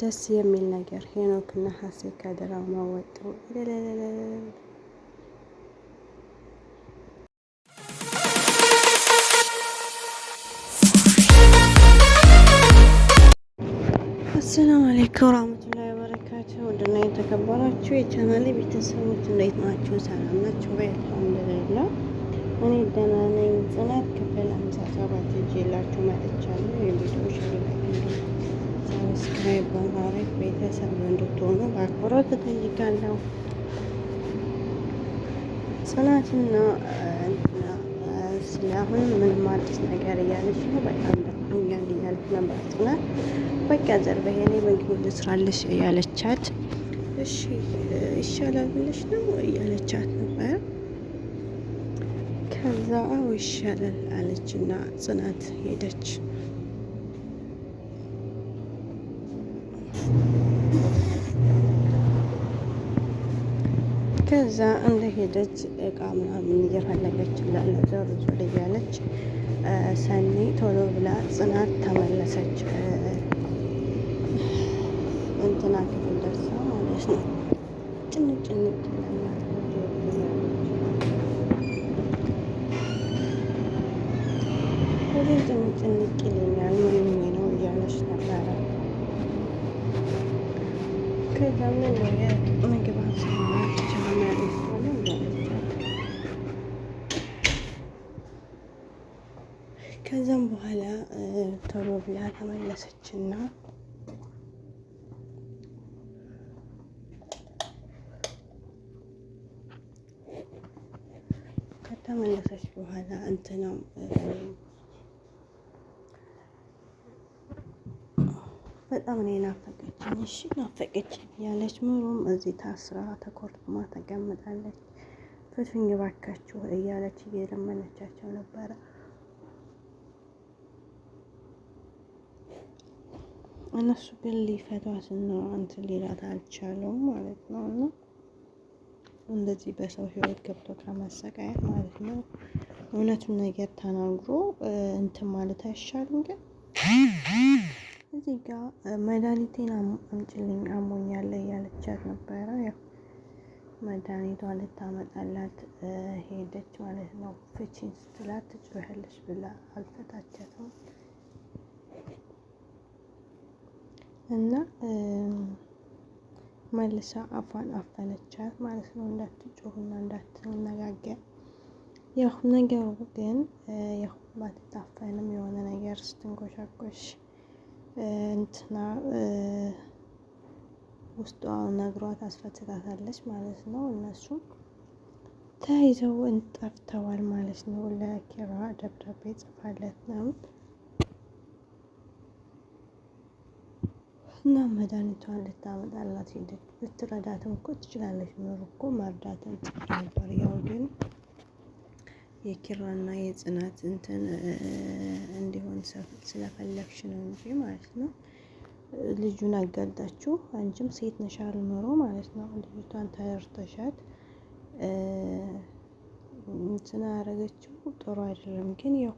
ደስ የሚል ነገር ሄኖክ እና ሀሴ ከድራማው ወጡ። አሰላሙ አለይኩም ወራህመቱላሂ ወበረካቱሁ። ወደና የተከበራችሁ የቻናሌ ቤተሰቦች እንዴት ናችሁ? ሰላም ናችሁ? በአልሐምዱሊላህ እኔ ደህና ነኝ። ጽናት ክፍል ሰባት ይዤላችሁ መጥቻለሁ። የቪዲዮ ሸሪላችሁ ሰብስክራይብ በማድረግ ቤተሰብ እንድትሆኑ በአክብሮት እጠይቃለሁ። ጽናትና ስለአሁን አሁን ምንም አዲስ ነገር እያለች ነው። በጣም ደክሞኛል እያለች ነበር ጽናት። በቃ ዘርበሄ ላይ ምግብ ልስራልሽ እያለቻት እሺ ይሻላል ብለሽ ነው እያለቻት ነበረ። ከዛ አዎ ይሻላል አለችና ጽናት ሄደች። ከዛ እንደሄደች እቃ ምናምን እየፈለገች ለነዘሩ ዙር እያለች ሰኒ ቶሎ ብላ ጽናት ተመለሰች። እንትና ክፍል ደርሳ ማለት ነው ጭንቅ ጭንቅ ከዛም በኋላ ቶሎ ብላ ተመለሰች እና ከተመለሰች በኋላ እንትነው በጣም እኔ ናፈቀችኝ፣ እሺ ናፈቀችኝ ያለች ምሩም እዚህ ታስራ ተኮርትማ ተቀምጣለች። ፍቱኝ እባካችሁ እያለች እየለመነቻቸው ነበረ። እነሱ ግን ሊፈቷትና እንትን ሌላት አልቻለውም ማለት ነው። እና እንደዚህ በሰው ህይወት ገብቶ ከመሰቃየት ማለት ነው እውነቱን ነገር ተናግሮ እንትን ማለት አይሻልም? ግን እዚህ ጋ መድኃኒቴን አምጭልኝ አሞኛለ እያለቻት ነበረ። ያው መድኃኒቷ ልታመጣላት ሄደች ማለት ነው። ፍቺን ስትላት ትጮህልሽ ብላ አልፈታቸትም። እና መልሳ አፏን አፈነቻት ማለት ነው። እንዳትጮህና እንዳትነጋገር ያው ነገሩ ግን ያው ባትታፈንም የሆነ ነገር ስትንቆሻቆሽ እንትና ውስጧ ነግሯት አስፈትታታለች ማለት ነው። እነሱም ተይዘው እንጠርተዋል ማለት ነው። ለኪራ ደብዳቤ ጽፋለት ነው። እና መድኃኒቷን ልታመጣላት ሄደች። ልትረዳትም እኮ ትችላለች። ኖሮ እኮ ትችል ነበር። ያው ግን የኪራና የጽናት እንትን እንዲሆን ስለፈለግሽ ነው እንጂ ማለት ነው። ልጁን አጋልጣችሁ አንቺም ሴት ነሻል ኖሮ ማለት ነው። ልጅቷን ተረድተሻት እንትን አረገችው ጥሩ አይደለም። ግን ያው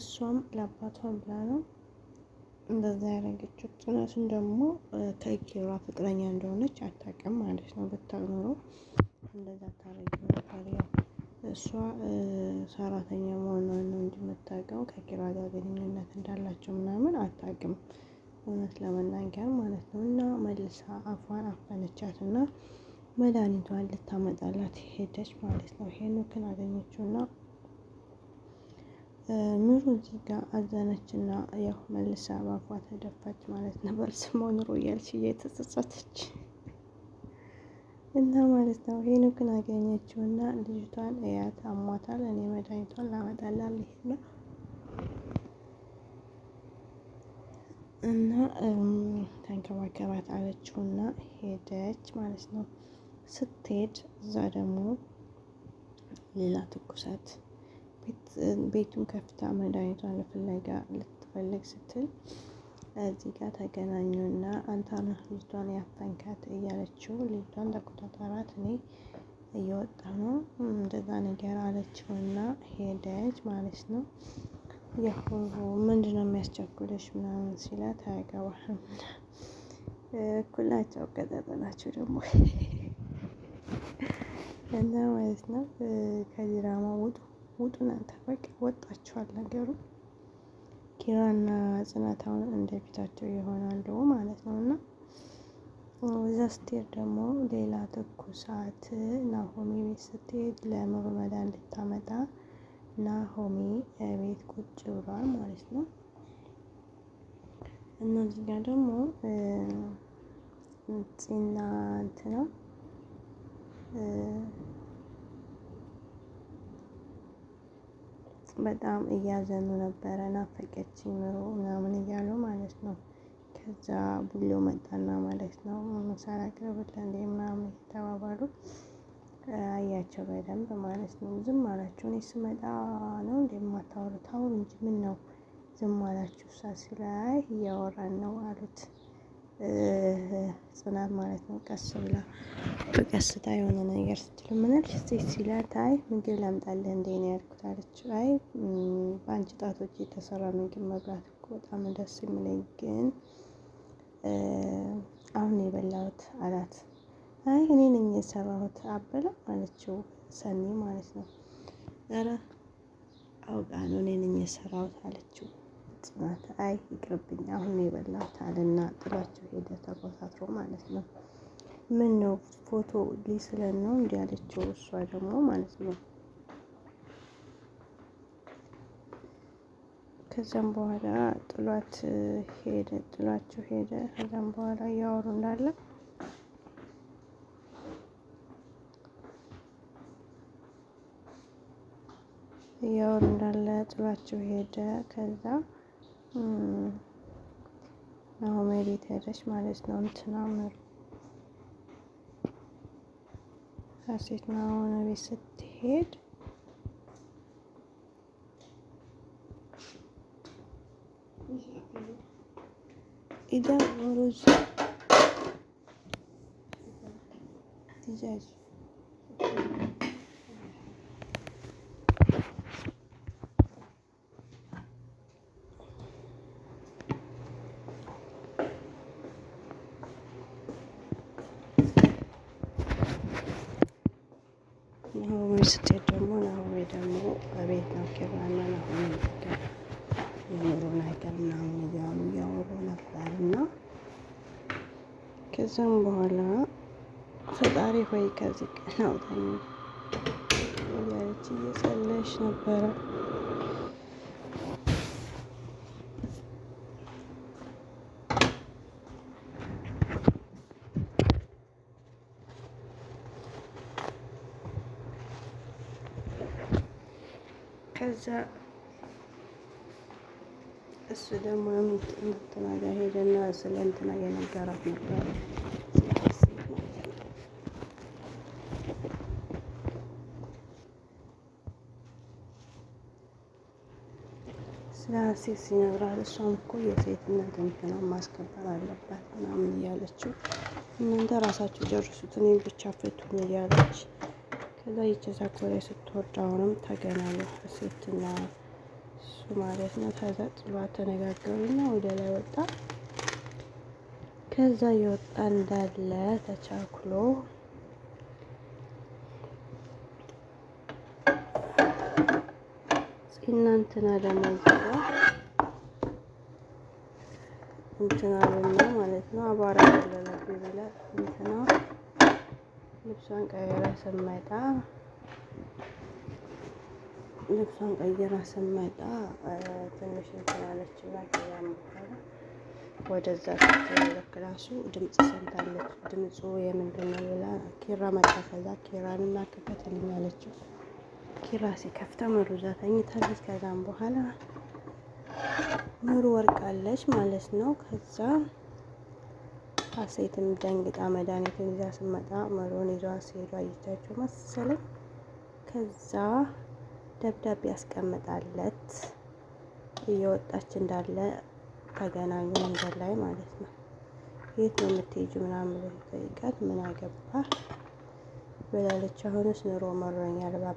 እሷም ለአባቷን ብላ ነው እንደዛ ያደረገችው ጽናቱን ደግሞ ከኪራ ፍቅረኛ እንደሆነች አታውቅም ማለት ነው። ብታኖሮ እንደዛ ታረጊ ነበር። ያው እሷ ሰራተኛ መሆኗን ነው እንጂ የምታውቀው ከኪራ ጋር ግንኙነት እንዳላቸው ምናምን አታውቅም፣ እውነት ለመናገር ማለት ነው። እና መልሳ አፏን አፈነቻት እና መድኃኒቷን ልታመጣላት ሄደች ማለት ነው። ሄኖክን አገኘችው እና ኑሮ እዚህ ጋር እና ያው መልሳ ባፏ ተደፋች ማለት ነው። ባልሰማው ኑሮ እያልሽ እየተጸጸተች እና ማለት ነው። ግን አገኘችው እና ልጅቷን እያት አሟታል፣ እኔ መድኃኒቷን ላመጣላ ልሄድ ነው እና ተንከባከባት አለችው እና ሄደች ማለት ነው። ስትሄድ እዛ ደግሞ ሌላ ትኩሳት ቤቱን ከፍታ መድኃኒቷን ፍለጋ ልትፈልግ ስትል እዚህ ጋር ተገናኙና አንተና ልጅቷን ያፈንካት እያለችው ልጅቷን ተቆጣጣራት። እኔ እየወጣ ነው እንደዛ ነገር አለችውና ሄደች ማለት ነው። የሆኑ ምንድን ነው የሚያስቸኩለሽ ምናምን ሲላት አያገባህም እኩላቸው ቀጠጠናቸው ደግሞ እና ማለት ነው ከድራማ ውጡ ውጡ እናንተ በቃ ወጣችኋል ነገሩ። ኪራና ጽናት አሁን እንደፊታቸው ይሆናሉ ማለት ነው እና እዛ ስትሄድ ደግሞ ሌላ ትኩሳት ናሆሜ ቤት ስትሄድ ለምርመራ እንድታመጣ ናሆሜ ቤት ቁጭ ብሏል ማለት ነው። እነዚህ ጋር ደግሞ ጽናት ነው በጣም እያዘኑ ነበረ። ናፈቀች ምሮ ምናምን እያሉ ማለት ነው። ከዛ ቡሎ መጣና ማለት ነው ምሳሌ አቅርብላ እንዴ ምናምን የተባባሉ አያቸው በደንብ ማለት ነው። ዝም አላቸው። እኔ ስመጣ ነው እንደማታወሩት አሁን እንጂ ምን ነው ዝም አላችሁ? እሷ ሲላይ እያወራን ነው አሉት። ጽናት ማለት ነው። ቀስ ብላ በቀስታ የሆነ ነገር ስትል ምናልሽ ሴት ሲላት አይ ምግብ ላምጣልህ እንዴ ነው ያልኩት አለችው። አይ በአንቺ ጣቶች የተሰራ ምግብ መብላት እኮ በጣም ደስ የሚለኝ ግን አሁን የበላሁት አላት። አይ እኔ ነኝ የሰራሁት አበላ አለችው። ሰኒ ማለት ነው። ኧረ አውቃ ነው እኔ ነኝ የሰራሁት አለችው። አጽናት። አይ ይቅርብኝ አሁን የበላሁት አለና ጥሏቸው ሄደ ተኮሳትሮ ማለት ነው። ምን ነው ፎቶ ሊስለን ነው እንዲያለችው እሷ ደግሞ ማለት ነው። ከዛም በኋላ ጥሏት ሄደ ጥሏቸው ሄደ። ከዛም በኋላ እያወሩ እንዳለ እያወሩ እንዳለ ጥሏቸው ሄደ ከዛ на умери тереш малес но цнамер хасит на уна висетет ида вороз тижаш ናሆሜ ስትሄድ ደግሞ ናሆሜ ደግሞ በቤት ነው ኪራና ናሆሜ ነገር የኖረውን ነገር ምናምን እያሉ እያወሩ ነበር እና በኋላ ፈጣሪ ሆይ ከዚህ ቀን አውጣኝ እያለች እየጸለየች ነበረ። ከዛ እሱ ደግሞ እንትና ጋር ሄደና ስለ እንትና የነገራት ሲነግራት እሷም እኮ የሴትነት እንትና ማስከበር አለባት ምናምን እያለችው እናንተ ራሳችሁ ጨርሱት እኔን ብቻ ፍቱን እያለች ከዛ የጀዛ ኮሪያ ስትወርድ አሁንም ተገናኙ ሴትና እሱ ማለት ነው። ከዛ ጥሏት ተነጋገሩና ወደ ላይ ወጣ። ከዛ የወጣ እንዳለ ተቻክሎ እናንትና ደግሞ እንትና ማለት ነው አባራ ለላ ይበላል እንትና ልብሷን ቀይራ ስመጣ ልብሷን ቀይራ ስመጣ ትንሽ እንትን ወደዛ ስትለክላሱ ድምፅ ሰምታለች። ድምፁ የምንድን ነው ብላ ኪራ መጣ። ከዛ ኪራንና አለችው። ኪራ ሲከፍታ ምሩ እዛ ተኝታለች። ከዛም በኋላ ምሩ ወርቃለች ማለት ነው ከዛ ሀሴትም ደንግጣ መድኃኒቱን ይዛ ስመጣ መሮን ይዟ ሲሄዱ አየቻቸው መሰለኝ። ከዛ ደብዳቤ ያስቀምጣለት እየወጣች እንዳለ ተገናኙ መንገድ ላይ ማለት ነው። የት ነው የምትሄጁ ምናምን ብሎ ሲጠይቃት ምን አገባ ብላለች። አሁንስ ኑሮ መሮኛል ባባ